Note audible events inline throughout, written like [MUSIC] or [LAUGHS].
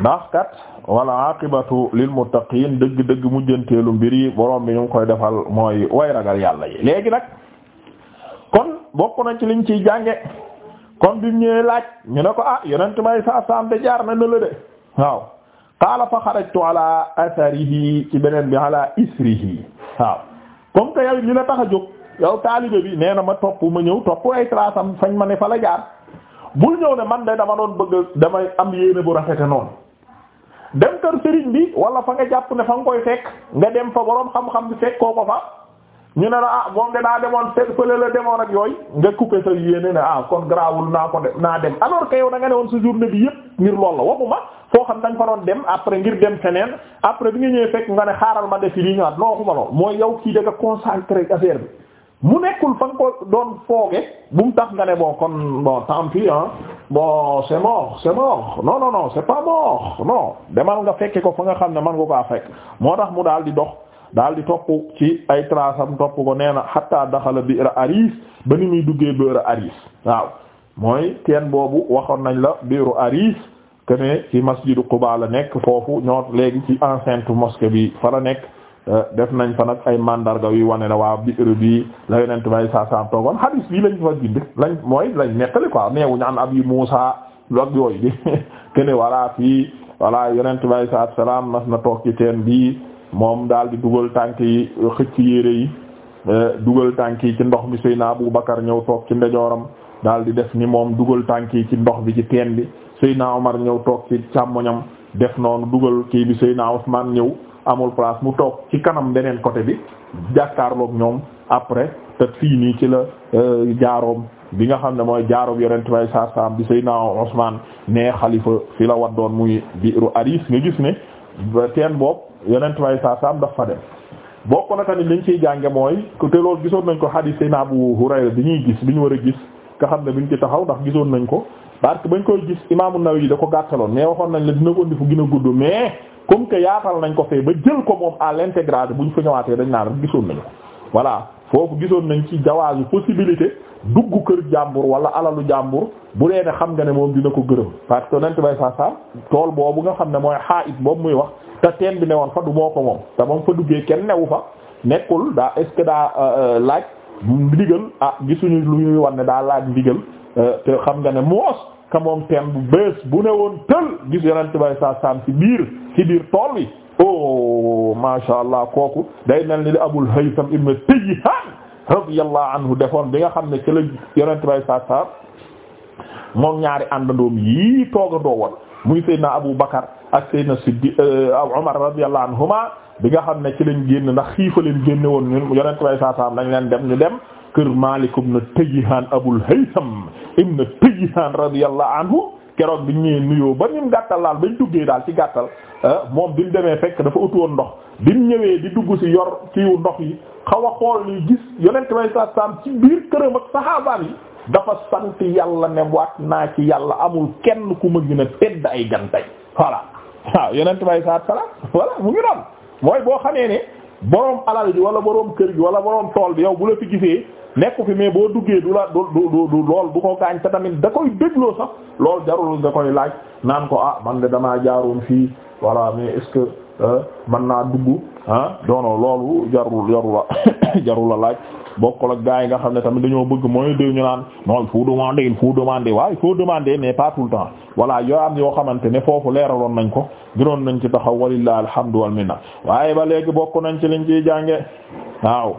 ndax kat wala aqibatu lil muttaqin dëgg-dëgg mujjanteelu mbir yi borom bi ñu koy defal mooy way ragal yàlla yi léegi nag kon bokk na ci liñ ciy jànge kon bi mu ñëwee laaj ñu ne ko ah yonent may saa saam de jaar na ne la de waaw qaala fa xarajtu ala atharihi ci beneen bi ala isrihi waaw comme que yow li la tax a jóg yow taalibe bi nee na ma topp ma ñëw topp ay traasam fañ ma ne fa la jaar bul ñëw ne man de dama doon bëgg damay am yéene bu rafete noonu dem kër sëriñ bi wala fa nga jàpp ne fa nga koy fekk nga dem fa boroom xam-xam bi fekk koo ko fa ñu ne la ah moom de daa demoon fekk fële la demoon ak yooyu nga coupé sa yéene ne ah kon garaawul naa ko dem naa dem alors que yow da nga ne woon sa journée bi yépp ngir loolu la waxuma foo xam da nga fa doon dem après ngir dem feneen après bi nga ñëwee fekk nga ne xaaral ma def yi ñu ñëwaat non waxuma lool mooy yow kii da nga consacré affaire bi. mu nekkul fa nga ko doon fooge bu mu tax nga ne bon kon bon tant pis hein bon c'est mort c'est mort non non non c'est pas mort non demal nga fekke ko fa nga xam ne man nga kaa fekk moo tax mu daal di dox daal di topp ci ay trasam topp ko nee na hatta daxala bi'ra Aris ba ni muy duggee bi'ra Aris waaw mooy teen boobu waxoon nañ la biiru Aris que ne ci masjidu Quba la nekk foofu ñoo léegi ci enceinte mosquée bi fa la nekk Eh, def nañ fa nag ay mandarga yu wane na waa biir bi la yonent bay saa toogoon hadis bii lañ fa lañ mooy lañ nettali quoi neewuñu am abi Muusa log yooyu di [LAUGHS] kene wala fii wala yonent bay saa na toog ci teen bi moom daal di dugal tànk yi xëcc yére yi eh, dugal tànk yi ci ndox mi Seydina Abu Bakar ñëw toog ci ndejooram daal di def ni moom dugal tànk yi ci ndox bi ci teen bi Seydina Omar ñëw toog ci càmmoñam def noonu dugal kii bi Seydina Usmaan ñëw amul place mu toog ci kanam beneen côté bi jàkkaarloog ñoom après te fii nii ci la euh, jaaroom bi nga xam ne mooy jaaroom yonent bay sar sam bi Seydina Usmaan ne xalifa fi la wat doon muy biiru Aris nga gis ne teen boobu yonent bay sar sam daf fa dem bokk na tamit liñ ciy jànge mooy te loolu gisoon nañ ko hadith Seydina Abu Hurayra bi ñuy gis bi ñu war a gis nga xam ne buñ ci taxaw ndax gisoon nañ ko parce que bañ koy gis Imaamu yi da ko gàttaloon mais waxoon nañ la dina ko indi fu gën a gudd mais comme que yaatal nañ ko fee ba jël ko moom à l'intégralité bu ñu fa waatee dañ naan rek gisoon nañu ko voilà foofu gisoon nañ ci jawaazu possibilité dugg kër jàmbur wala alalu jàmbur bu dee ne xam nga ne moom dina ko gërëm parce que nent bay saa saa tool boobu nga xam ne mooy xaa it boobu muy wax te teen bi ne woon fa du moo ko moom te moom fa duggee kenn newu fa nekkul daa est-ce daa euh, euh, laaj ndigal ah gisuñu lu ñuy wan ne daa laaj ndigal te xam nga ne moos ka moom teen bu bees bu ne woon tël gis yonent bay saa saam ci biir ci biir tool yi oh masha allah kooku day mel ni li Abul Haytham ibn Tayyihan radiyallahu anhu defoon bi nga xam ne ci la yonent bay saa saam moom ñaari àndandoom yii tooga doowoon muy Seydina Abu Bakar ak Seydina Siddiq euh, Umar radiyallahu anhuma bi nga xam ne ci lañ génn ndax xiifa leen génne woon ñun yonent bay saa saam nañ leen dem ñu dem kër Malik ibn Tayyihan Abul Haytham ibn Tayyihan radiyallahu anhu keroog bi ñu nuyoo ba nim gàttal laal bañ duggee daal ci gàttal ah, moom bi mu demee fekk dafa ut woon ndox bi mu ñëwee di dugg ci yor kiiwu ndox yi xaw a xool ni gis yonent bay sa saam ci biir këram ak saxaabaam yi dafa sant yàlla ne waat naa ci yàlla amul kenn ku ma gën a tedd ay gantay voilà waaw yonent bay sa saam voilà mu ngi doon mooy boo xamee ne boroom alal bi wala boroom kër gi wala boroom tool bi yow bu la fi gisee nekku fi mais boo duggee du la du du du lool du ko gaañ te tamit da koy dégloo sax lool jarul nga koy laaj naan ko ah man de damaa jaaroon fii voilà mais est Ah, man naa dugg ah doono loolu jarul jarul la [COUGHS] jarul la laaj bokkul ak gars yi nga xam ne tamit dañoo bëgg mooy dégg ñu naan non il faut demander il faut demander waaw il faut demander mais pas temps voilà yoo am yoo xamante ne foofu leeraloon nañ ko gënoon nañ ci taxaw walillahi alhamdu wal minna waaye ba léegi bokk nañ ci liñ ciy jànge waaw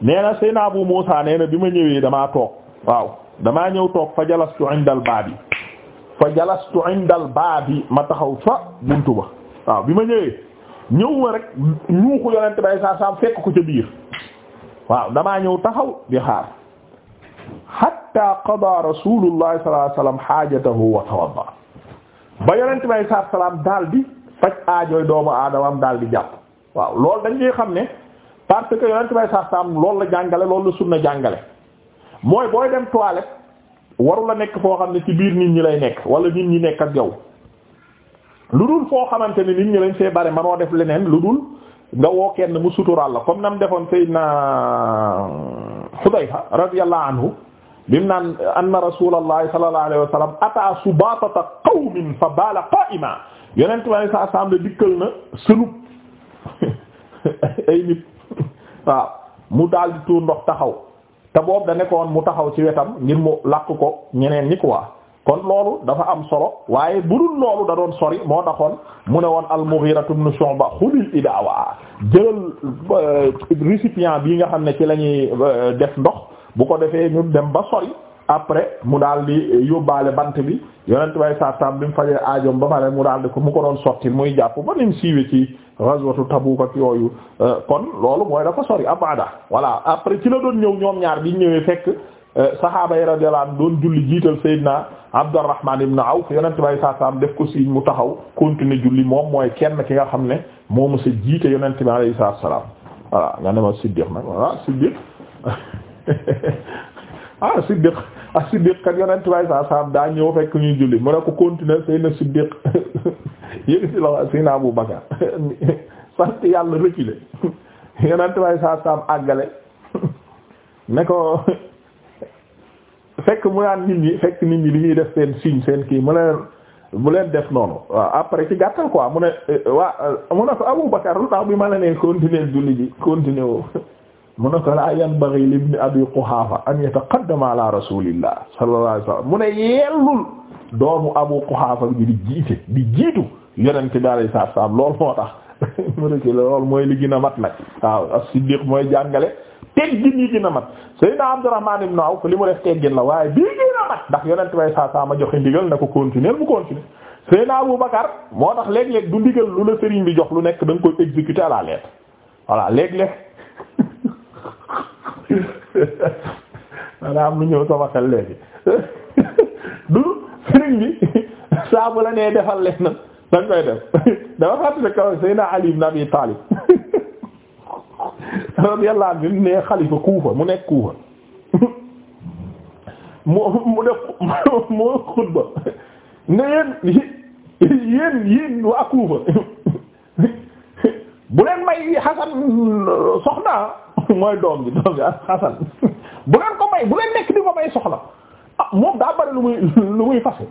nee na Seydina Abu Muusa nee na bi ma ñëwee damaa toog waaw damaa ñëw toog fa jalastu indal baabi fa jalastu indal baabi ma taxaw fa buntu ba waaw bi ma ñëwee. ñëw ma rek ñuuxu yonent bay saa saam fekk ko ca biir waaw damaa ñëw taxaw di xaar hatta qada rasulullah sallallahu alayhi wasallam hajatahu wa tawadda ba yonent bay saa salaam daal di faj aajooy doomu aadamam daal di jàpp waaw lool dañ koy xam ne parce que yonent bay saam loolu la jàngale lool la sunna jàngale mooy booy dem toilette waru la nekk foo xam ne ci biir nit ñi lay nekk wala nit ñi nekk ak yow lu dul foo xamante ni nit ñi lañ fee bare manoo def leneen lu dul nga woo kenn mu suturaal la comme nam defoon Seydina Hudayfa radiyallahu anhu bim naan anna rasulallahi wa sallam sa assemblée dikkal na sënub ay nit waaw mu daal di tuur ndox taxaw te boobu da nekkoon mu taxaw ci wetam ngir mu lakk ko ñeneen ñi quoi kon loolu dafa am solo waaye budul loolu da doon sori moo taxoon mu ne woon al-Mughira ibn Shu'ba xulil idaawa jëlal euh, récipient bii nga xam ne ci la ñuy euh, def ndox bu ko defee ñu dem ba sori après mu daal di yóbbaale bant bi yonent bay saatam bi mu fajee aajom ba pare mu daal di ko mu ko doon sotti muy jàpp ba nim siiwe ci ghazwatu Tabuk ak yooyu euh, kon loolu mooy dafa sori abada voilà après ci la doon ñëw ñoom ñaar bi ñëwee fekk saxaaba yi radiyallahu anhu doon julli jiital Seydina Abdurrahman ibn Awf yonent bay saa def ko signe mu taxaw continuer julli moom mooy kenn ki nga xam ne moomu sa jiite yonent bi alayhi salaam voilà nga ne ma Siddiq nag [LAUGHS] ah Siddiq ah Siddiq kat yonent bay saa daa ñëw fekk ñuy julli mu ne ko continuer Seydina Siddiq yéegi si la Seydina Abu Bakar [LAUGHS] sant yàlla reculer [LAUGHS] yonent bay saa àggale ne ko fekk mu naan nit ñi fekk nit ñi li ñuy def seen signe seen kii mu leen mu leen def noonu waaw après ci gàttal quoi mu ne euh, waa euh, mu ne ko Abu Bakar lu tax bi ma la nee continuer julli ji continuer [LAUGHS] mu ne ko laa yan li ibn Abi Quhafa an yataqaddama ala rasulillah sallallahu alayhi wasallam mu ne yellul doomu Abu Quhafa bi di jiite di jiitu yonent bi alayhi salaam loolu moo tax [LAUGHS] mu ne ci loolu mooy li gën a mat nag waaw as-Siddiq mooy jàngale teggin yi gën a mat Seydina Abdurrahman ibn Awf li mu def teggin la waaye bii gën a mat ndax yonent bay saa saa ma joxe ndigal na ko continuer mu continuer Seydina Abu Bakar moo tax léeg-léeg du ndigal lu la sëriñ bi jox lu nekk da koy exécuter à la lettre voilà léeg-léeg maanaam lu ñëw sama xel léegi du sëriñ bi saa bu la nee defal leen nag koy def dafa fàttali kaw Seydina Ali ibn Abi radiyallahu anhu bi mu nee xalifa Kuufa mu nekk Kuufa mu mu def mu xutba ne yéen yéen yéen waa Kuufa bu leen may Xasan soxna mooy doom bi doom bi Xasan bu leen ko may bu leen nekk di ko may soxna ah moom daa bari lu muy lu muy fase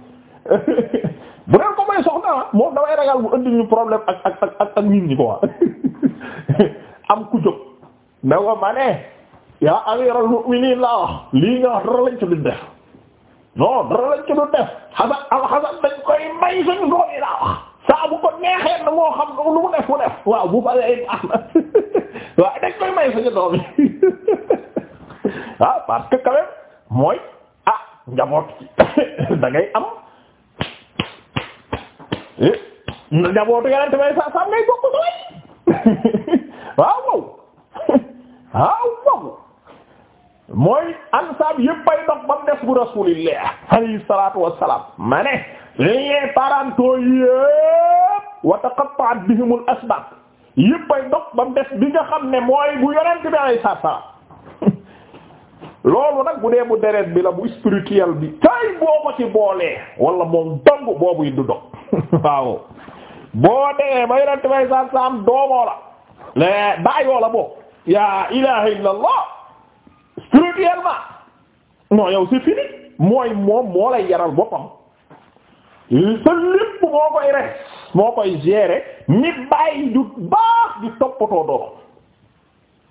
bu leen ko may soxna moom damay ragal bu indi ñu problème ak ak ak ak nit ñi ko waa am ku jóg na ko ma ne yaa amiral mu'minin laa wax lii nga wax dara lañ ci duñ def non dara lañ ci duñ def xasan may suñu doom yi laa wax saa bu ko neexee [LAUGHS] may suñu doom yi [LAUGHS] ah parce que quand ah njaboot [COUGHS] da ngay am eh, njabootu yeneen tamit saa saa ngay bokk [LAUGHS] Ah, waaw wow mooy ansaab yëpp ay dox ba mu des bu rasulillah alayhi salaatu wassalaam ma ne liens parentaux yëpp wa taqatta'at bihimul asbaab yëpp ay dox ba mu des bi nga xam ne mooy bu yonent bi alayhi salaatu wassalaam [LAUGHS] loolu nag bu dee bu deret bi la bu spirituel bi kay booba ci boolee wala moom dong boobu yi du dog [LAUGHS] waaw boo dee ba yonent bi alayhi salaatu wassalaam doomoo la le la boobu yaa ilaha illallah spirituellement non yow c'est mooy moom moo lay yaral boppam sa lépp moo koy rek moo koy gérer nit bàyyi du baax di toppatoo doom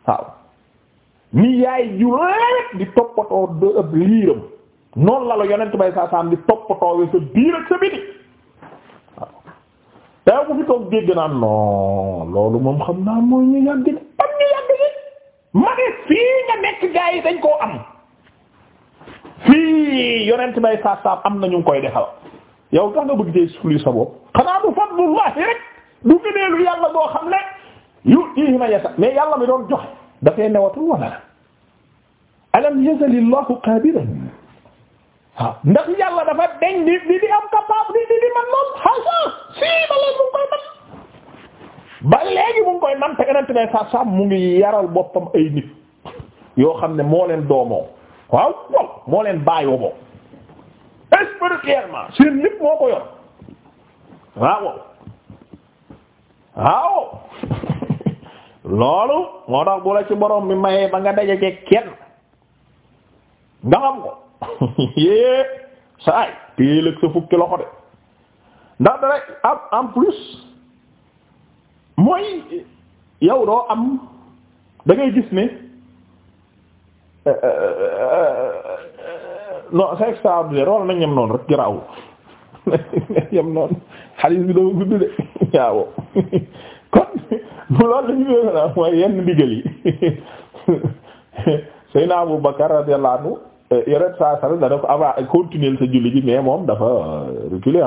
waaw ni yaay ju lépp di toppatoo do ab liiram yonent bay saa di toppatoo sa biir ak sa biti waaw te bu fi toog dégg naan non loolu moom xam naa mooy ñu yàgg di am ma fii nga nekk gaa yi dañ koo am fii yonent bay saab am na ñu koy defal yow tax nga bëgg dee suli sa bopp xanaa du fadlullahi rek du gëneelu yàlla boo xam ne yu ii ma yasa mais yàlla mi doon joxe dafay newatul wala alam yazalillahu qadiran waaw ndax yàlla dafa deñ di di di am capable di di di man lool xasa sii ma leen mu koy man ba léegi mu ngi koy nante yenente nay mu ngi yaral boppam ay nit yoo xam ne mooleen leen doomoo waaw waaw moo leen bàyyoo boo spirituellement seen lépp moo ko yor waaw waaw [LAUGHS] loolu moo tax bu ci boroom mi mayee ba nga daje ken nga xam ko [LAUGHS] yée sa ay téelëg sa fukki loxo de ndax da rek en plus mooy yow doo am dangay gis ne euh, euh, euh, non c'est extraordinaire wala nañ ñem noonu rek garaawul [LAUGHS] yem noonu xaalis bi dama gudd de [LAUGHS] waaw [LAUGHS] kon loolu la ñu saa saa moom dafa reculer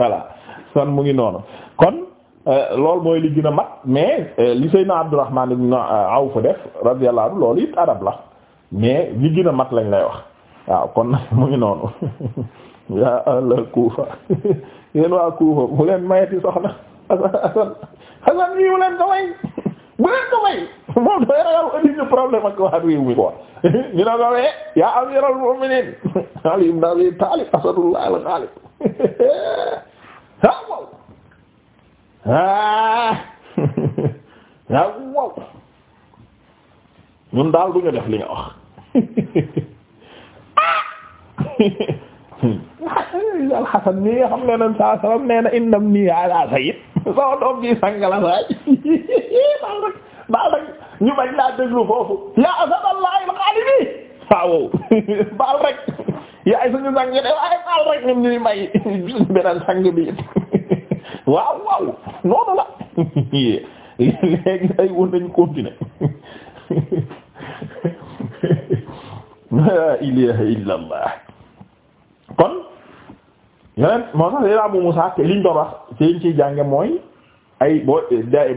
ah. mu ngi noonu kon Euh, loolu mooy li gën mat mais euh, li Seydina Abdourahman ibn euh, Awf def radiyallahu anhu loolu it adab la mais li gën mat lañ lay wax waaw kon mu ngi noonu [LAUGHS] yaa ahlal Kuufa [LAUGHS] yéen waa Kuufa bu leen mayeti soxna Asan Asan Asan yi leen ko may bu [LAUGHS] leen ko may moom dafay ragal indi ñu problème ak waa réew mi quoi ñu ne ko we eh, yaa amiral mu'minin Ali ibn Abi Talib Asadullah al-Ghalib ah [LAUGHS] waaw wow ñun daal du ñu def li nga wax ah! [LAUGHS] alxasan mi nga xam ne nen saa sabab nee na ala sayyid [LAUGHS] sama doom bi sangala saay baal rek baal rek ñu bañ laa déglu foofu yaa asad allah il xaalibi waaw baal rek yaay suñu sang de waaye baal rek ñun may beneen sang bi waaw waaw noonu la léegi ay won nañu continuer la ilaha illa kon yeneen moo tax yéen Abu Musa te liñ doon wax te ciy jànge mooy ay boo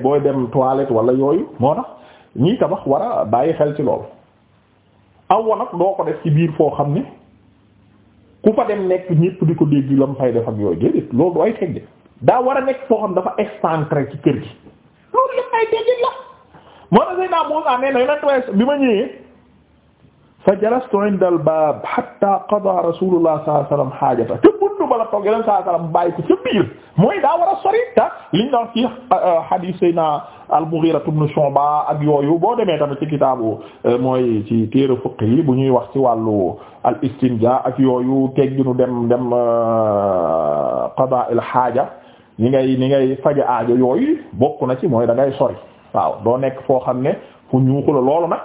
booy dem toilette wala yooyu moo tax ñii tabax war a bàyyi xel ci loolu aw wanag doo ko def ci biir foo xam ne ku fa dem nekk ñépp di ko dégg lam fay def ak yooyu déedéet loolu du ay tegge daa war a nekk dafa excentré ci kër gi loolu lépp ay teggin la moo tax Seydina Muusaa nee na bi ma ñëwee fa jalastu inda al baab hatta qada rasulullah sallallahu alayhi wasallam haajata mooy daa war a sori ta liñ doon ci euh, hadith Seydina al-Mughira ibn Shu'ba ak yooyu boo demee tamit ci kitaabu euh, mooy ci téere fiqh yi bu ñuy wax ci wàllu al istinja ak yooyu tegginu dem dem euh, al haaja ni ngay ni ngay faja aajo yooyu bokk na ci mooy da ngay sori waaw doo nekk foo xam ne fu ñuuxu la loolu nag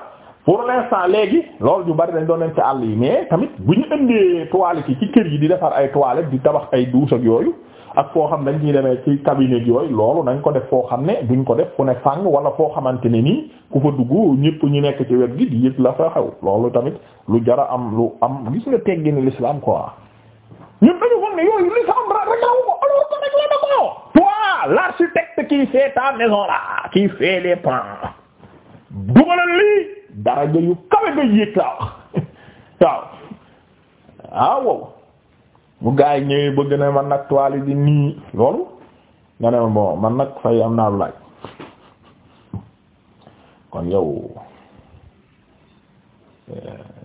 pour l'instant léegi loolu ñu bari dañ doon dem ci àll yi mais tamit bu ñu indee toilettes yi ci kër yi di defar ay toilettes di tabax ay douche yooyu ak foo xam dañ ciy demee ci cabinet yooyu loolu nañ ko def foo xam ne duñ ko def fu ne fàng wala foo xamante ne nii ku fa dugg ñëpp ñu nekk ci wet gi di yëg la fa xew loolu tamit lu jara am lu am gis nga teggini l'islam ñun dañu foog ne yooyu li sama bras rek la wu ko alors que rek la na ko. toi l'architecte ta maison là qui fait les plans dugalal lii dara yu kawe nga yéeg laa wax [LAUGHS] waaw ah wow bu gaa yi ñëwee bëgg na man nag toile di nii loolu nga ne bon man nag fay am naa lu laaj kon yow. Eh,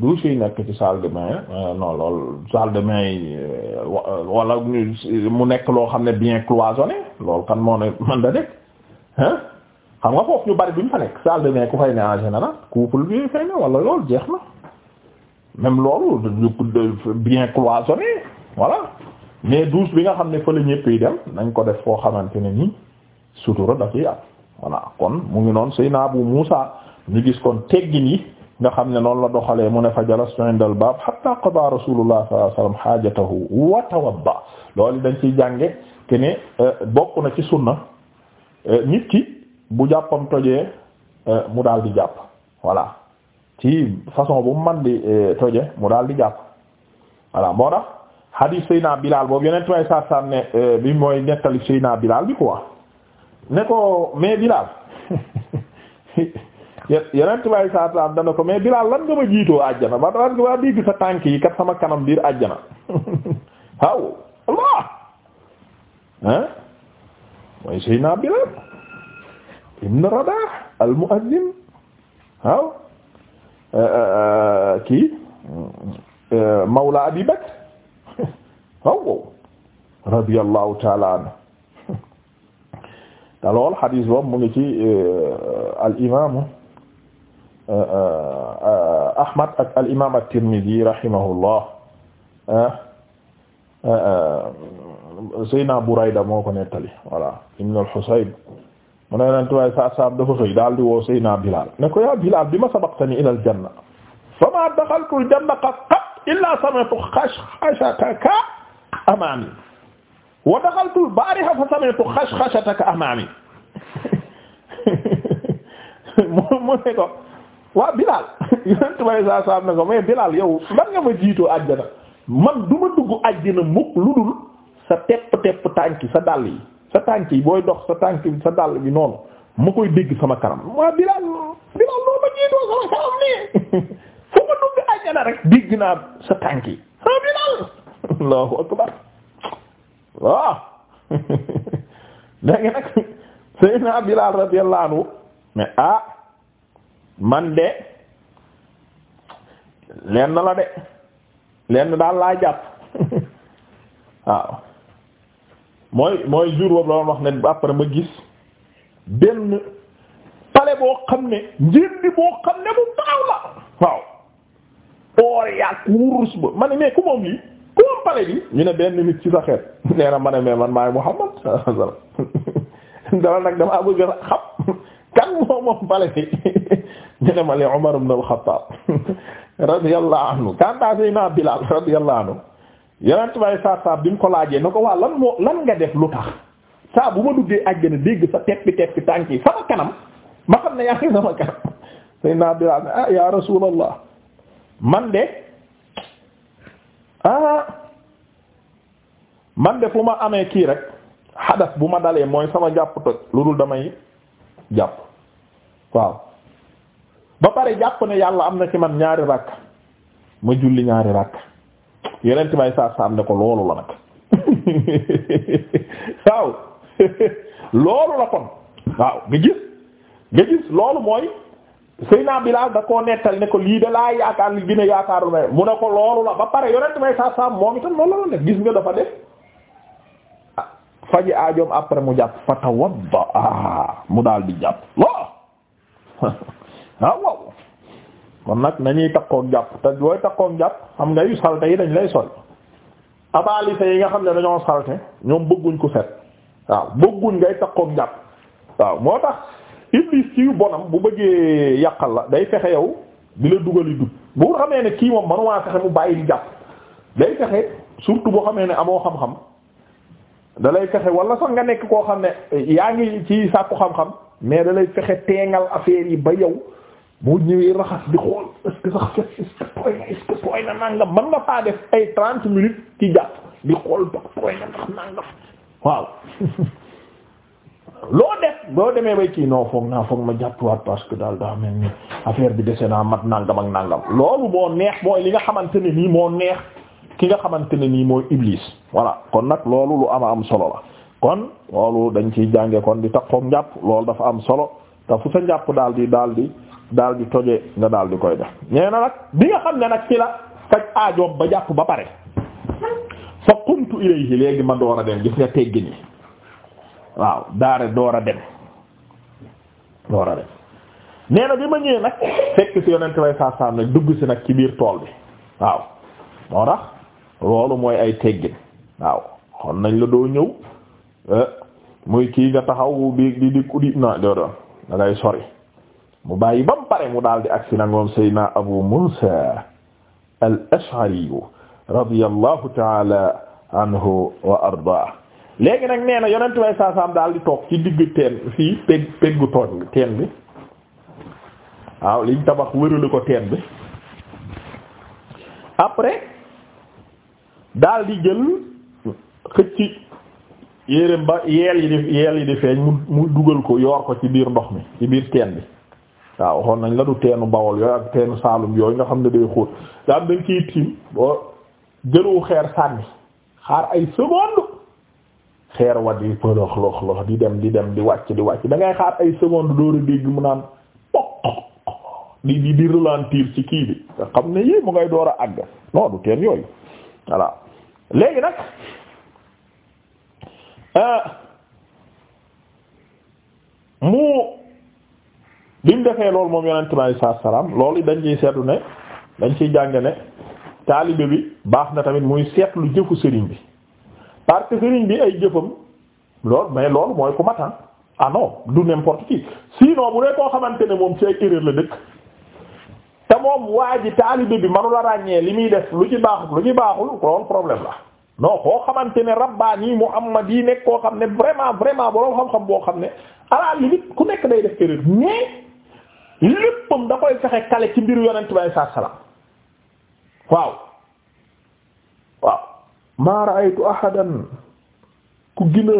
douche yi nekk ci salle de bain euh, non loolu salle de euh, euh, mu nekk loo xam ne bien cloisonné loolu kan moo ne man da hein xam nga foofu ñu bari duñ fa nekk salle de bain ku fay ne en général couple bi fay ne wala loolu jeex na même loolu bien cloisonné voilà mais douche bi nga xam ne fa la ñëpp yi dem nañ ko def foo xamante ne nii sutura da ciy am voilà kon mu ngi noonu Seydina Abu Muusa ñu gis kon teggin yi. nga xam ne noonu la doxalee mu ne fa jalastu inda al baab hatta qada rasulullah sallallahu alayhi wasallam haajatahu loolu dañ ciy jànge ke ne euh, bokk na ci sunna euh, nit ki bu jàppam tojee euh, mu daal di jàpp voilà ci façon bu mu man di toje mu daal di jàpp voilà moo tax hadith Seyna Bilal boobu yeneen may saasaan ne bi mooy nettali Seyna Bilal bi quoi ne ko mais Bilal [LAUGHS] yeneen tubaab saa saa dana ko mais Bilaal lan nga ma jiitoo àjjana ba lan nga ma dégg sa tànk yi kat sama kanam biir àjjana waaw [LAUGHS] Allah ah mooy Seydina Bilaal ibn Rabaah al-mu'azzin waaw euh, euh, euh, kii Mawla Abi Bakr waaw [LAUGHS] ta'ala anhu [LAUGHS] te lool xadiis boobu mu ngi ci al imaamu Ahmad ak al imaam at-Tirmidhi rahimahullah Seyna Burayda moo ko nettali voilà ibn al-Husayb mu ne leen tuwaay saa saam dafa xëy daal di woo Seyna Bilal ne ko yaa Bilal bi ma sabaqtani ila al-janna fama daxaltu al-jannata qat illa sami'tu xashxashataka amaami wa daxaltu al-baariha fa sami'tu xashxashataka amaami [LAUGHS] mu ne ko waa Bilal [LAUGHS] yonent yow lan nga ma jiitoo àjjana man du ma dugg àjjana mukk lu dul sa tepp tepp tànk sa dàll yi sa tànk yi booy dox sa tànk sa dàll bi noonu ma koy dégg sama kanam waa Bilal Bilal loo ma jiitoo sama kanam nii [LAUGHS] fu ma dugg àjjana rek dégg naa sa tànk yi ah Bilal [LAUGHS] Allahu akbar waaw léegi nag Seydina Bilal radiyallahu anhu ah. man de lenn la de lenn daal laa jàpp [LAUGHS] waaw mooy mooy jour boobu la doon wax ne après ma gis benn pale boo xam ne njiit bi boo xam ne bu baax la waaw oor yàq wurus ba ma mais ku moom lii ku moom pale bi ñu ne benn nit ci sa xeet [LAUGHS] nee na ma Muhammad [LAUGHS] sallallahu nag damaa bëgg a xam kan moom moom pale bi ñu ne ma li Umar ibn al-Khattab [LAUGHS] radiyallahu anhu kanta Seydina Bilal radiyallahu anhu yeneen tubaab saa bi mu ko laajee na ko waa lan moo lan nga def lu tax saa bu ma duggee àjjana dégg sa teppi teppi tànk sama kanam ma xam ne yaa sama kanam [LAUGHS] Seydina Bilal ah ya Rasulallah man de ah, man de fu ma amee kii rek xadas bu ma dalee mooy sama jàpp toj lu dul damay jàpp waaw. ba pare jàpp ne yàlla am na ci man ñaari rakk ma julli ñaari rakk yeneen may saa saa ne ko loolu la nag [LAUGHS] waaw [LAUGHS] loolu la kon waaw nga gis nga gis loolu mooy Seyna Bilaal da koo nettal ne ko lii da laa yaakaar li gën a yaakaaru mu ne ko loolu la ba pare yonent may saa saa moom itam loolu la nag gis nga dafa def ah, faji aajoom après mu jàpp fatawadda ah, mu daal di jàpp waaw [LAUGHS] waaw ah, waaw kon nag nañuy takkoog jàpp te booy takkoog jàpp xam nga yu salte yi dañ lay sol abaalise yi nga xam ne dañoo salte ñoom bëgguñ ko set waaw bëgguñ ngay takkoog jàpp waaw moo tax iblis ci yu bonam bu bëggee yàqal la day fexe yow di la dugal yi dugg bu xamee ne kii moom manuwaa fexe mu bàyyi di jàpp day fexe surtout boo xamee ne amoo xam-xam da lay fexe wala sax nga nekk koo xam ne yaa ngi ci sàkku xam mais da lay fexe teengal affaire yi ba yow boo ñëwee raxas di xool est na est-ce que tooy na nga faa def ay trente minutes ci jàpp di xool ndax tooy na ndax [LAUGHS] demee bay kii non foog naa ma jàppuwaat parce que daal daa mel ni affaire bi dese naa mat nangam ak nangam loolu moo neex mooy li nga xamante ne nii moo neex ki nga xamante ne nii mooy iblis voilà kon nag loolu lu ama am solo la kon loolu dañ ciy jànge kon di takkoog njàpp lool dafa am solo te sa njàpp daal di daal di. daal di toje nga daal di koy def nee na nag bi nga xam ne nag ci la faj aajoom ba jàpp ba pare fa qumtu ilayhi léegi ma door a dem gis nga teggi nii waaw daare door a dem door a dem nee na bi ma ñëwee nag fekk ci yonent lay saa saa dugg si nag ci biir tool bi waaw moo tax loolu mooy ay teggin waaw xon nañ la doo ñëw eh, muy kii nga taxaw di di di kudi na doon da sori mu bàyyi ba mu pare mu daal di agsi nag moom Seydina Abu Musa al-Ash'ari radiyallahu ta'ala anhu wa arda léegi nag nee na yonentu way saasaam daal di toog ci digg teen fii peg peggu tooñ teen bi waaw liñ tabax wërale ko teen bi après daldi jël xëcc yéreem ba yeel yi di yeel yi di feeñ mu mu dugal ko yoor ko ci biir ndox mi ci biir teen bi waaw waxoon nañ la du teenu bawol yooyu ak teenu saalum yooyu nga xam ne day xóot nga am dañ ciy tiim boo jëluwu xeer sànni xaar ay seconde xeer wa di pëlox lox lox di dem di dem di wàcc di wàcc da ngay xaar ay seconde door a dégg mu naan pok di di di ralentir ci kii bi nga xam ne yii mu ngay door a àgg non teen yooyu voilà léegi nag euh, mu bi mu defee loolu moom yonent bi alayhi salaatu salaam loolu dañ ciy seetlu ne dañ ciy jàng ne taalibe bi baax na tamit muy seetlu jëfu sériñ bi parce que sëriñ bi ay jëfam lool mais loolu mooy ku matan ah. ah non du n'importe si no bu dee koo xamante ne moom ci ay erreur la dëkk te moom waa ji taalibe bi manu la ràññee li muy def lu ci baax lu ci baaxul loolu problème la non koo xamante ne mu rabbaani muhammadi yi nekk koo xam ne vraiment vraiment boroom xam-xam boo xam ne à la limite ku nekk léppam da koy fexe kale ci mbiru yonent bi saa salaam waaw waaw maa ra'aytu ahadan ku gën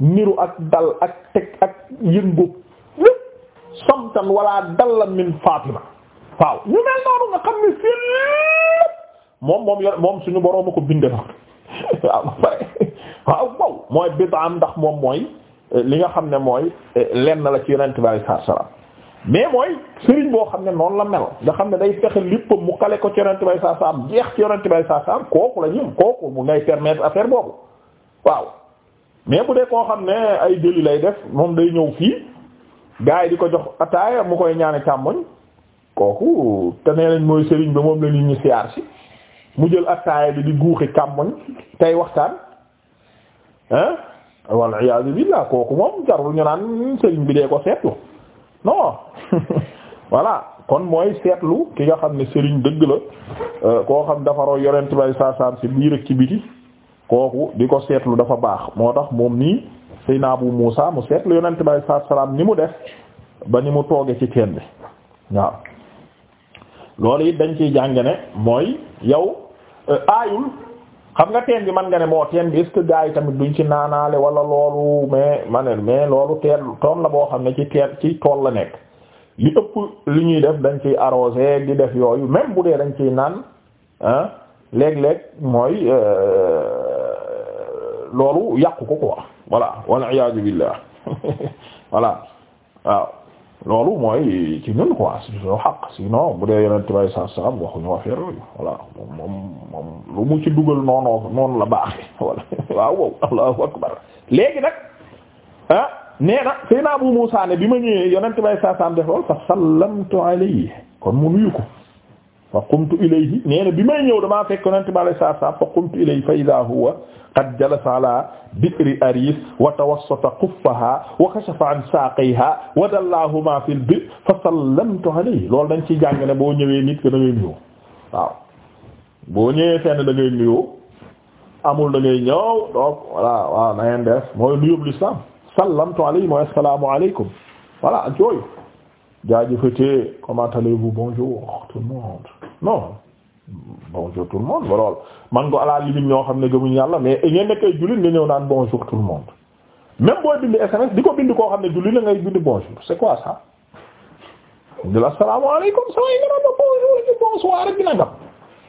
niru ak dal ak teg ak yëngu lépp samtan wala dalla min Fatima waaw ñu mel noonu nga xam ne si moom moom suñu borooma ko binde na [LAUGHS] waaw pare mooy bid'a ndax moom mooy eh, li nga xam ne mooy eh, lenn la ci yonent bi saa salaam mais mooy sëriñ boo xam ne noonu la mel nga xam ne day fexe léppam mu xale ko ci yonent bay saa jeex ci yonent bay saa saam kooku la ñuy kooku bu ngay permettre affaire boobu waaw mais bu dee koo xam ne ay deli lay def moom day ñëw fii gars yi di ko jox ataaya mu koy ñaane càmmoñ kooku te nee nañ mooy sëriñ bi moom la nit ñi mu jël ataaya bi di guuxi càmmoñ tey waxtaan ah wal iyaazu billah kooku moom jarul ñu naan sëriñ bi dee ko seetlu non [LAUGHS] voilà kon mooy seetlu ki nga xam ne sëriñ dëgg la euh, koo xam dafaroo yonent bay saasaan si biir ak ci biti kooku di ko seetlu dafa baax moo tax moom nii naa Abu Muusa mu seetlu yonent bay saasaan ni mu def ba ni mu tooge ci kenn bi waaw loolu it dañ ciy jàng ne mooy yow euh, aayul xam nga teen bi man nga ne moo teen bi est que gars yi tamit duñ ci naanaale wala loolu mais ma ne mais loolu teen tool la boo xam ne ci teen ci tool la nekk li ëpp li ñuy def dañ ciy arrosé di def yooyu même bu dee dañ ciy naan ah léeg-léeg mooy euh, loolu yàqu ko quoi voilà wal iyaazu billah [LAUGHS] voilà waaw loolu mooy ci ñun quoi si soo xaq sinon bu dee yeneen tubaab yi waxuñu affaire yooyu moom lu mu ci dugal noonu noonu la baax [LAUGHS] wala waaw wow allahu akbar léegi nag ah nee na sëy na bi ma ñëwee yonent bay saa saam def lool fa kon mu nuyu qumtu ilayhi bi may ñëw damaa fekk yonent bi alayhi salaatu salaam fa qumtu huwa qad jalasa ala bi'ri aris wa tawassata quffaha wa kashafa an saqayha wa dallahuma fil bir fa sallamtu alayhi loolu dañ ciy jàng ne boo ñëwee nit gën a ñëw waaw boo ñëwee fenn da ngay amul da ngay ñëw donc voilà waaw na ngeen def mooy nuyoo bu lislaam sallamtu alayhi mooy assalaamu alaykum voilà ak yooyu jaajëfatee comment allez-vous bonjour tout le monde non bonjour tout le monde ba man ko alaa limite ñoo xam ne gëmuñ yàlla mais ngeen nekk ay jullit nga ñëw naan bonjour tout le monde même booy bind SMS di ko bind koo xam ne jullit la ngay bind bonjour c'est quoi ça. di la assalaamu alaykum saa nga naan bonjour bonsoir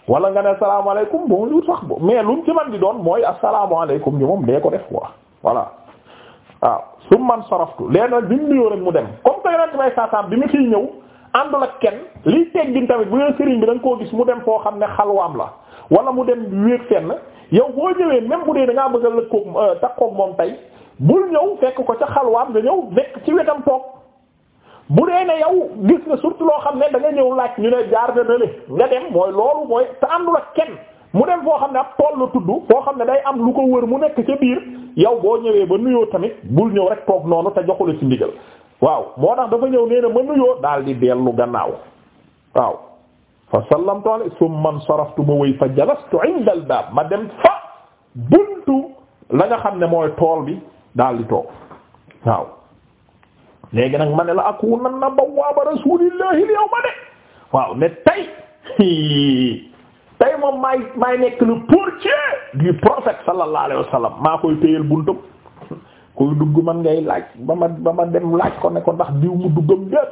wala nga ne asalaamaaleykum bonjour sax bo mais lu mu ci man di doon mooy asalaamaaleykum ñu moom dee ko def quoi voilà waaw ah, su man saraftu leen nag bi mu nuyoo rek mu dem comme que bi mu fiy ñëw àndul ak kenn liy teggin tamit bu dee sëriñ bi da koo gis mu dem foo xam ne xalwaam la wala mu dem wéeg fenn yow boo ñëwee même bu dee da ngaa bëgg a lëkkoog euh, takkoog moom tey bul ñëw fekk ko ca xalwaam nga ñëw nekk ci wetam toog bu dee ne yow gis nga surtout loo xam ne da ñëw laaj ñu ne jaar na nële nga dem mooy loolu mooy te àndul ak kenn mu dem foo xam ne ab tool la tudd foo xam ne day am lu ko wër mu nekk ca biir yow boo ñëwee ba nuyoo tamit bul ñëw rek toog noonu te joxula ci ndigal waaw moo tax dafa ñëw nee na ma nuyoo daal di dellu gannaaw waaw fa sallamtu alayhi summa saraftu ma wéy fa jalastu inda al baab ma dem fa buntu la nga xam ne mooy tool bi daal di toog waaw léegi nag ma ne la akuunanna bawwaaba rasuulillahi al ma de waaw ne tey tey moom maay maay nekk le portier du prophète sallallahu alayhi wa maa koy téyel buntum koy dugg man ngay laaj ba ma ba ma dem laaj ko ne ko ndax diw mu duggam déet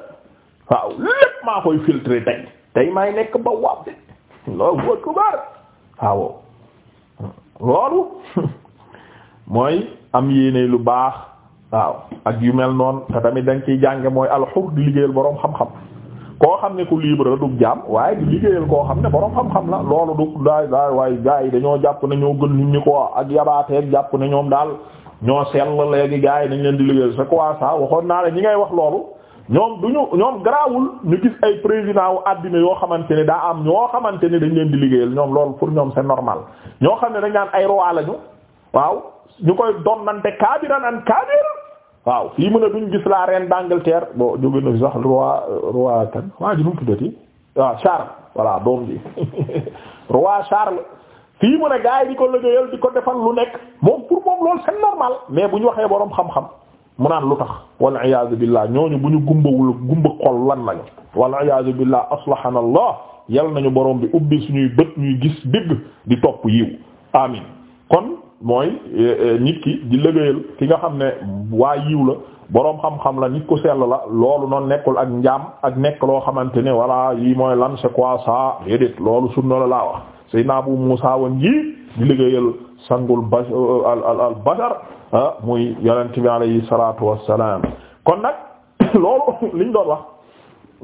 waaw lépp maa koy filtrer tey tey maay nekk bawwaab de loolu boo tubaar waaw loolu [LAUGHS] mooy am yéene lu baax waaw ak yu mel noonu te tamit dañ ciy jànge mooy alxur di liggéeyal boroom xam-xam koo xam ne ku libre la du jaam waaye di liggéeyal koo xam ne boroom xam-xam la loolu du daay daay waaye gars yi ko ak yabaateeg jàpp ne ñoom daal ñoo sell léegi gars yi dañ leen di liggéeyal c'est quoi ça waxoon naa la ñi ngay wax loolu ñoom duñu ñoom garaawul ñu gis ay président wu àddina yoo xamante ne daa am ñoo xamante ne dañ leen di liggéeyal ñoom lool pour ñoom c'est normal ñoo xam ne dañ naan ay roi lañu waaw ñu koy waaw fii mu ne duñ gis la reine d'Angleterre bon jóge na fi sax roi roi kan waa ji nu mu tuddati waaw Charles voilà doom bi [LAUGHS] roi Charles fii mu ne gars di ko liggéeyal di ko defal lu nekk moom pour moom loolu c'est normal mais bu ñu waxee boroom xam-xam mu naan lu tax wal iyaazu billah ñooñu bu ñu gumbawul gumba xol lan lañu wal iyaazu billah aslahana allah yal nañu boroom bi ubbi suñuy bët ñuy gis dégg di topp yiw amin kon mooy euh, euh, nit ki di liggéeyal ki nga xam ne waa yiw la boroom xam-xam la nit ku sell la loolu noon nekkul ak njaam ak nekk loo xamante ne voilà yii mooy lan c'est quoi ça déedéet loolu sunna la laa wax Seydina Abu Muusaa woon ji di liggéeyal sangul ba euh, al al al muy yonent bi alayhi salaatu wassalaam kon nag [COUGHS] loolu [COUGHS] liñ doon wax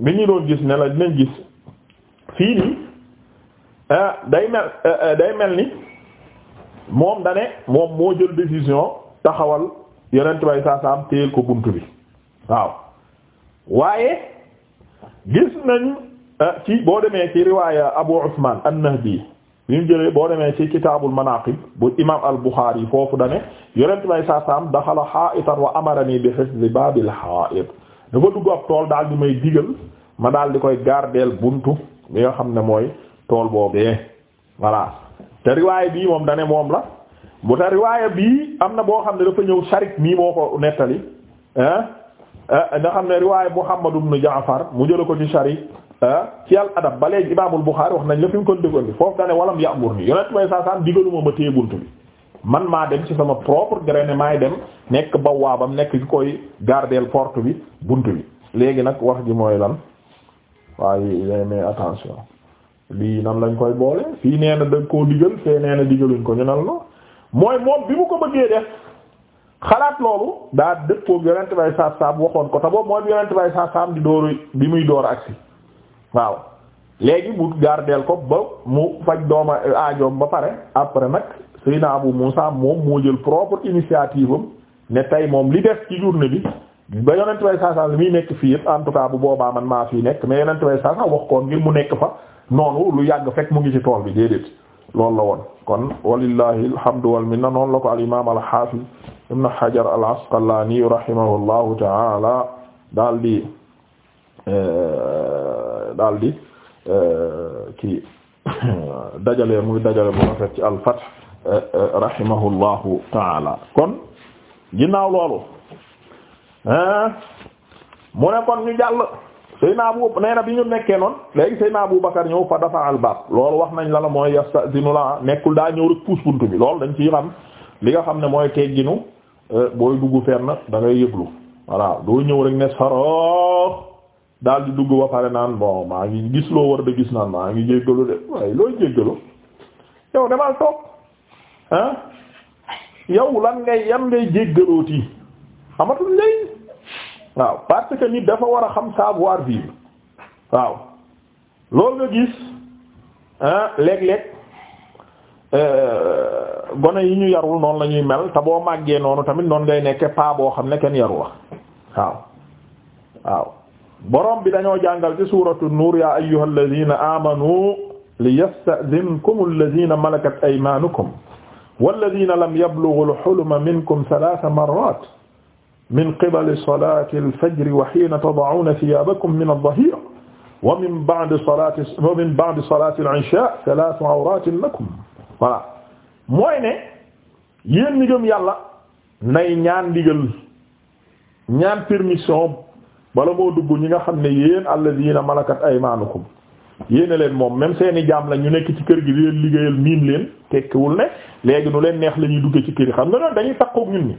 bi ñu doon gis ne la dinañ gis fii nii day mel day mel ni. moom dane moom moo jël décision taxawal yonent bay saa saam ko bunt bi waaw waaye gis nañ eh, ci boo demee ci riwaaya Abu Usman an bi mu jëlee boo demee ci kitaabul manaqib bu imam al-Bukhari foofu dane yonent bay saa saam daxala ha'itan wa amarani bi hifzi babil ha'it dafa dugg ab tool daal di may digal ma daal di koy gardeel buntu bi nga xam ne mooy tool boobee voilà te riwaay bii moom dane moom la bu te riwaay bii am na boo xam ne dafa ñëw sharik mii moo ko nettali eh, nga xam ne riwaay Muhammad ibn Jaafar mu jëla ko ci sharik eh, ci al adab ba léegi imaamul Buxaari wax nañ la fi mu kon dëggoon bi foofu dane walam yàmbur nii yonent may saasaan digaluma ma téye bunt bi man maa dem ci sama propre gré ne maay dem nekk bawaabam nekk koy gardeel porte bi bunt bi léegi nag wax ji mooy lan waaye mais attention lii nan lañ koy boole fii nee na dañ koo digal fee nee na digaluñ ko ñu nan la mooy moom bi mu ko bëggee def xalaat loolu daa dëppoog yonent bay saab saab waxoon ko te boobu mooy bi yonent bay saab saab di dooru bi muy door agsi waaw léegi bu gardeel ko ba mu faj dooma aajoom ba pare après nag Seydina Abu Muusa moom moo jël propre initiative am ne tey moom li def ci journée bi ba yonent bay saab saab li muy nekk fii yëpp en bu boobaa man maa fii nekk mais yonent mu nekk noonu lu yàgg fekk mu ngi ci tool bi déedéet loolu la woon kon walillahi alhamdu wal minna noonu la ko al imam al hafiz ibn hajar al asqalani rahimahullahu taala daal di eh, di eh, kii [LAUGHS] dajale muy dajale bu rafet ci al fath eh, rahimahullahu taala kon ginnaaw loolu mu ne kon ñu jàll Seyna Abu nee na bi ñu nekkee noonu léegi Seyna Abu Bakar ñëw fa dafa al baab loolu wax nañ la la mooy yastazinu la nekkul daa ñëw rek puus buntu bi lool dañ ciy xam li nga xam ne mooy tegginu euh, booy dugg fenn dangay ngay yëglu voilà doo ñëw rek ne saroox daal di dugg ba pare naan bon maa ngi gis loo war de gis naan maa ngi jéggalu de waaye looy jéggalu yow demal toog ah yow lan ngay yan ngay jéggalooti amatul njëriñ waaw parce que nit dafa war a xam savoir vivre waaw lool nga gis léeg-léeg euh, gone yi ñu yarul noonu la ñuy mel te boo màggee noonu tamit noonu ngay nekke paa boo xam ne kenn yaru la waaw waaw borom bi dañoo jàngal ci suuratu nuur yaa ayyuhal ladina amanu liyasta'zinkum alladina malakat aymanukum walladina lam yablughul huluma minkum thalatha marrat min qibali salati alfajri wa hiina tada'uuna thiyaabakum min adh-dhahiira wa min ba'di salati wa min ba'di salati al-'ishaa thalaathu awraatin lakum voilà mooy ne yéen ñi gëm yàlla nay ñaan ndigal ñaan permission bala moo dugg ñi nga xam ne yéen alladhiina malakat aymaanukum yéene leen moom même seeni jaam la ñu nekk ci kër gi di leen liggéeyal miin leen tekkiwul ne léegi nu leen neex la ñuy dugge ci kër yi xam nga noonu dañuy takkook ñun ñi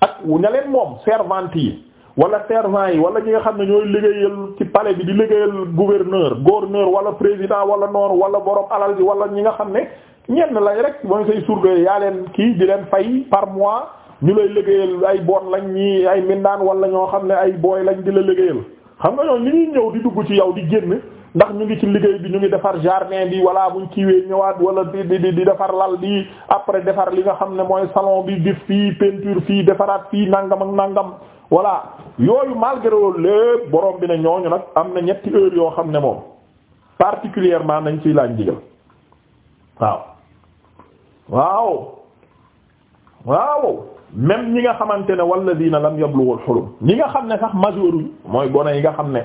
ak ña moom servante yi wala servant yi wala ñi nga xam ne ñooy liggéeyal ci palais bi di liggéeyal gouverneur gouverneur wala président wala noor wala borom alal bi wala ñi nga xam ne ñenn lañ rek mooy say surga yaa leen kii di leen fay par mois ñu lay liggéeyal ay bon lañ ñi ay mindaan wala ñoo xam ne ay booy lañ di la liggéeyal xam nga ñooñu li ñuy ñëw di dugg ci yow di génn ndax ñu ngi ci liggéey bi ñu ngi defar jardin bi wala buñ kiiwee ñëwaat wala di di di defar lal bi après defar li nga xam ne mooy salon bi di fii peinture fii defaraat fii nangam ak nangam voilà yooyu malgré loolu lépp borom bi ne ñooñu nag am na ñetti heure yoo xam ne moom particulièrement nañ ciy laaj ndigal waaw waaw waaw même ñi nga xamante ne walladina lam yablughul hulum ñi nga xam ne sax majooruñ mooy gone yi nga xam ne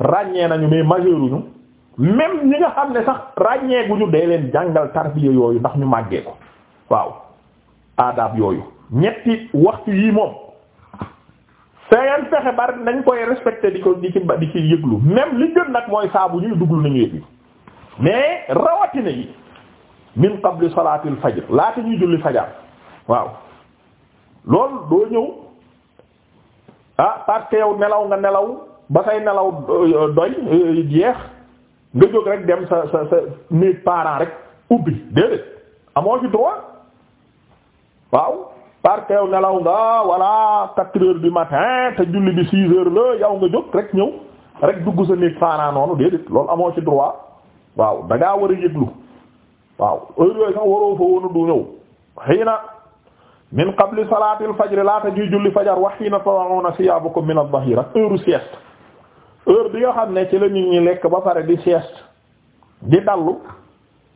ràññee nañu mais majeuruñu même ñi nga xam ne sax ràññee guñu day leen jàngal tarbiya yooyu ndax ñu màggee ko waaw adab yooyu ñetti waxtu yi moom seen fexe bari nañ koy respecté di ko di ci di ci yëglu même li gën nag mooy saabu ñuy duglu nañu yëg yi mais rawatina yi min qabli salaatil fajr laata ñuy julli fajar waaw loolu doo ñëw ah parce que nelaw nga nelaw ba say nelaw euh, euh, doy euh, jeex nga jóg rek dem sa sa sa néeg parent rek ubbi déedéet amoo ci droit waaw parce que nelaw nga voilà quatre heures du matin te julli bi six heures la yow nga jóg rek ñëw rek dugg sa néeg parent noonu déedéet loolu amoo ci droit waaw da war a yëglu waaw heure yooyu sax waroo fa woonu du ñëw xëy min qabli salaatil fajr laata juy julli fajar wa hiina tada'uuna siyaabakum min ad-dahiira heure sieste heure bi nga xam ne ci la nit ñi lekk ba pare di sieste di dallu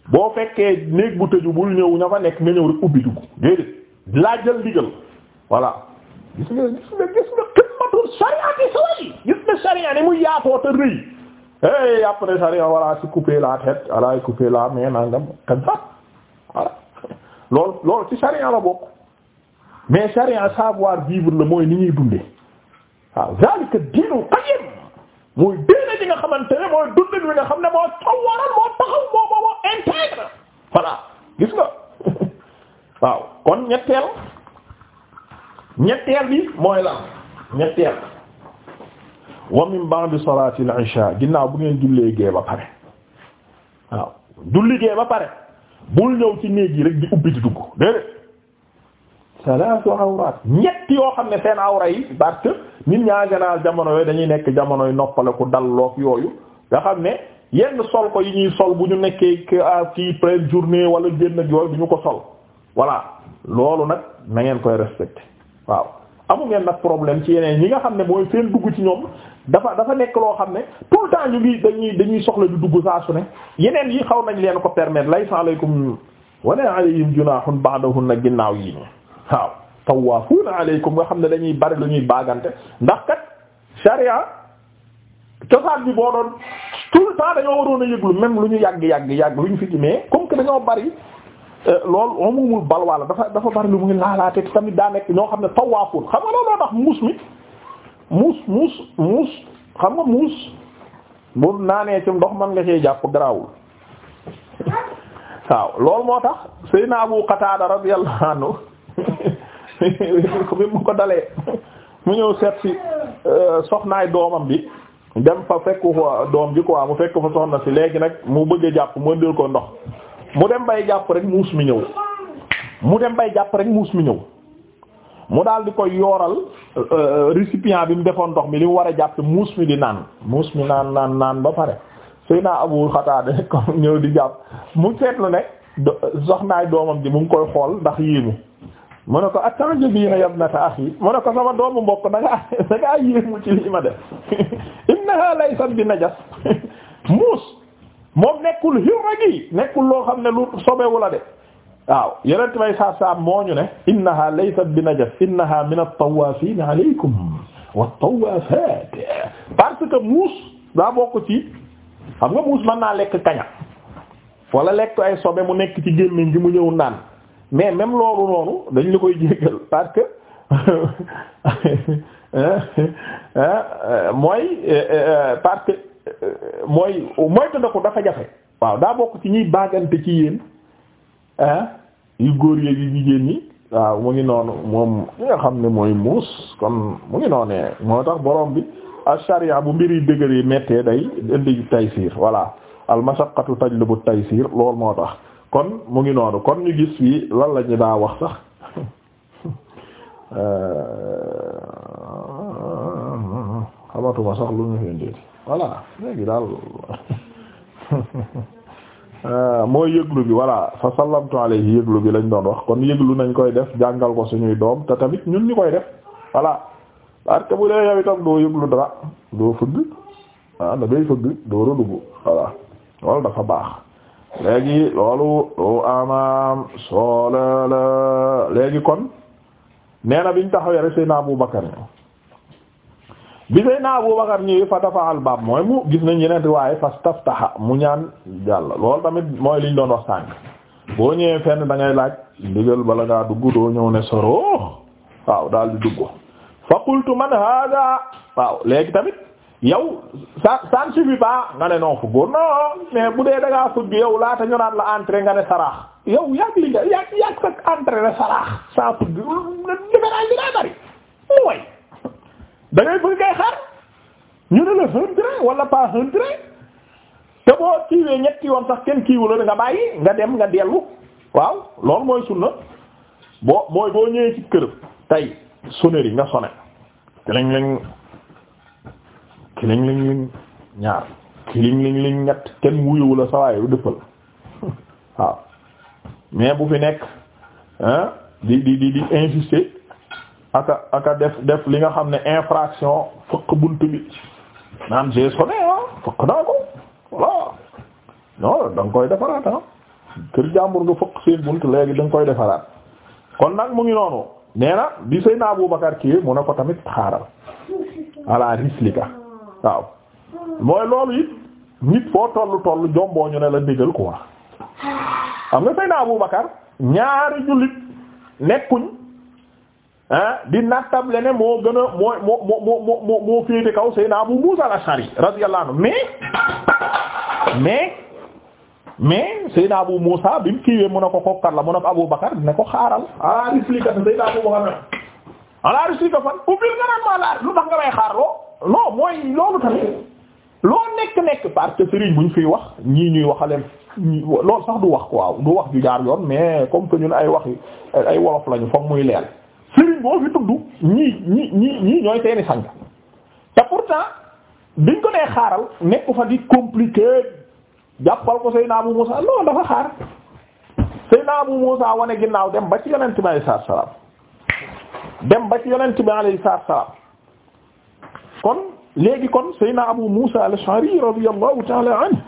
boo fekkee néeg bu tëju bul ñëw ña fa nekk nga ñëw rek ubbi dugg déedéet laa jël digal voilà gis nga gis nga gis nga xidmatul sharia ti gis nga sharia ni mu yaatoo te rëy hey après sharia voilà si couper la tête voilà couper la main nangam comme ça voilà loolu [LAUGHS] loolu ci sharia la bokk mais sharia savoir vivre la mooy ni ñuy dundee waaw zalika diinu qayyim mooy diine ji nga xamante ne mooy dundin wi nga xam ne moo tawaral moo taxaw moo moo moo gis nga [LAUGHS] waaw kon ñetteel ñetteel bi mooy lan ñetteel wa min ba'di salati al-isha ginnaaw bu ngeen jullee gee ba pare waaw julli gee ba pare bul ñëw ci néeg yi rek di ubbi dugg déedéet salatu awrat ñett yoo xam ne seen awra yi parce que nit ñaa ganaar jamono yooyu dañuy nekk jamonoy noppale ku dal look yooyu nga xam ne yenn sol ko yi ñuy sol bu ñu nekkee ah, ci pleine journée wala génn ak yooyu du ñu ko sol voilà loolu nag na ngeen koy respecté waaw amu ngeen nag problème ci yeneen ñi nga xam ne mooy seen dugg ci ñoom dafa dafa nekk loo xam ne tout le temps ñu ngi dañuy dañuy soxla du dugg saa su ne yeneen yi xaw nañ leen ko permettre laysa alaykum wala alayhim junahun ba'dahun nag ginnaaw yi waaw tawaafuuna aleykum nga xam ne dañuy bari lu ñuy baagante ndax kat sharia cosaan bi boo doon tout le dañoo waroon a yëglu même lu ñu yàgg yàgg yàgg lu ñu fi mais comme que dañoo bari euh, loolu amumul dafa dafa bari lu muy laalaate te tamit ñoo xam ne tawaafuun xam nga looloo tax muus mi muus muus muus xam nga muus bu naanee ci ndox man nga cee jàpp garaawul [LAUGHS] waaw loolu moo tax naa Abu Qatada radiyallahu anhu [LAUGHS] bi [LAUGHS] mu ko dalee mu ñëw seet si euh, soxnaay doomam bi dem fa fekku doom ji quoi mu fekk fa soxna si léegi nag mu bëgg jàpp mu ëndil ko ndox mu dem bay jàpp rek muus mi ñëw mu dem bay jàpp rek muus mi ñëw mu daal di koy yooral euh, récipient bi mu defoon ndox mi li mu war a jàpp muus mi di naan muus mi naan naan naan ba pare suy naa abu xataade [LAUGHS] comme ñëw di jàpp mu seetlu ne soxnaay doomam ji mu ngi koy xool ndax yéemu mu ne ko ak attajibiina yabnata akhi mu ne ko sama doomu mbokk da nga [LAUGHS] da ngaa yéemu ci lii ma def [LAUGHS] innaha laysat bi najas [LAUGHS] muus moom nekkul hirra gi nekkul loo xam ne lu sobewu la de waaw yeneen may saa saa moo ñu ne innaha laysat bi najas innaha min at-tawaafiina alaykum wat-tawaafaat parce que nga muus mën naa lekk kaña wala lekk ay sobe mu nekk ci gémmiñ gi mu ñëw naan mais même loolu noonu dañ la koy jéggal parce que [LAUGHS] euh, mooy euh, euh, parce que mooy moytu na ko dafa jafe waaw daa bokk ci ñuy baagante ci yéen yu góor yeeg yu jigéen ñi waaw mu ngi noonu moom li nga xam ne mooy muus kon mu ngi noonee moo tax borom bi ash bu mbiri dëgër yi méttee day indi taysiir voilà al mashaqqatu tajlibu taysir loolu moo tax kon mu ngi noonu kon ñu gis fii lan la daa wax sax euh, xamatuma sax lu ñu fi ndeeti voilà léegi daal euh, mooy yëglu bi voilà fa sallamtu alayhi yëglu bi lañ doon wax kon yëglu nañ koy def jàngal ko suñuy doom te tamit ñun ñu koy def voilà parce que dee yow itam doo yëglu dara doo fëgg ah da fëgg doo rëddugu voilà loolu dafa baax. léegi loolu amaam soola la léegi kon nee na biñ taxawee rek Seydina Abu Bakar bi Seydina Abu Bakar ñëwee fa dafa albaab mooy mu gis nañ yeneen waaye fastaftaha mu ñaan jàll lool tamit mooy liñ doon wax sànq boo ñëwee fenn da ngay laaj ndigal bala ngaa dugg doo ñëw ne soro waaw daal di dugg fa qultu man waaw léegi tamit yow ça ça ne suffit nga ne non fuggoon non mais bu dee da ngaa fugg yow laata ñu naan la entrée nga ne saraax yow yàgg li nga yàgg yàgg entrée ne saraax saa fugg différence bi daa bari mu way da ngay bëgg ñu ne la un train wala pas un train te boo kiiwee ñetti yoon sax kenn kiiwula da nga bàyyi nga dem nga dellu waaw loolu mooy sunna boo mooy boo ñëwee ci kër tey sonnerie nga sonné. kiling ling ling ñaar kiling ling ling ñett kenn wuyuwu la sawaay dëppal [LAUGHS] waaw mais bu fi nekk di di di di insister aka aka def def li nga xam ne infraction fëkk bunt bi naan j'ai sonné fëkk naa ko voilà non da koy defaraat ah kër jàmbur nga fëkk seen bunt léegi da koy defaraat kon nag mu ngi noonu nee na bi Seydina Abubakar kii mu ne ko tamit xaaral ala rislika waaw mooy loolu it nit foo toll toll jomboo ñu ne la digal ko xam nga Seydina Abu Bakar ñaari jullit nekkuñ ah di nattable ne moo gën a moo moo moo moo moo féete kaw Seydina Abu Musa al-Ashari radiyallahu anhu mais mais mais Seydina Abu Musa bi mu kiiwee mu ne ko kokkar la mu ne ko Abu Bakar ne ko xaaral ala réplique Seydina Abu Bakar ala réplique fan ubbil nga naan ma ala lu tax nga may xaarloo. non mooy loolu tamit loo nekk-nekk parce que sëriñ buñ fiy wax ñii ñuy waxaleen loolu sax du wax ko waaw du wax ju jaar yoon mais comme que ñun ay wax ay wolof lañu foog muy leer sëriñ boo fi tudd ñii ñii ñii ñii ñooy seeni sang te pourtant biñ ko nee xaaral nekku fa di compliquer jàppal ko Seydina Abu Muusa loolu dafa xaar Seydina Abu Muusa wane ginnaaw dem ba ci yonent bi alayhi salaam dem ba ci yonent bi alayhi salaam kon léegi kon Seydina Abu Musa al-Ash'ari radiyallahu ta'ala anhu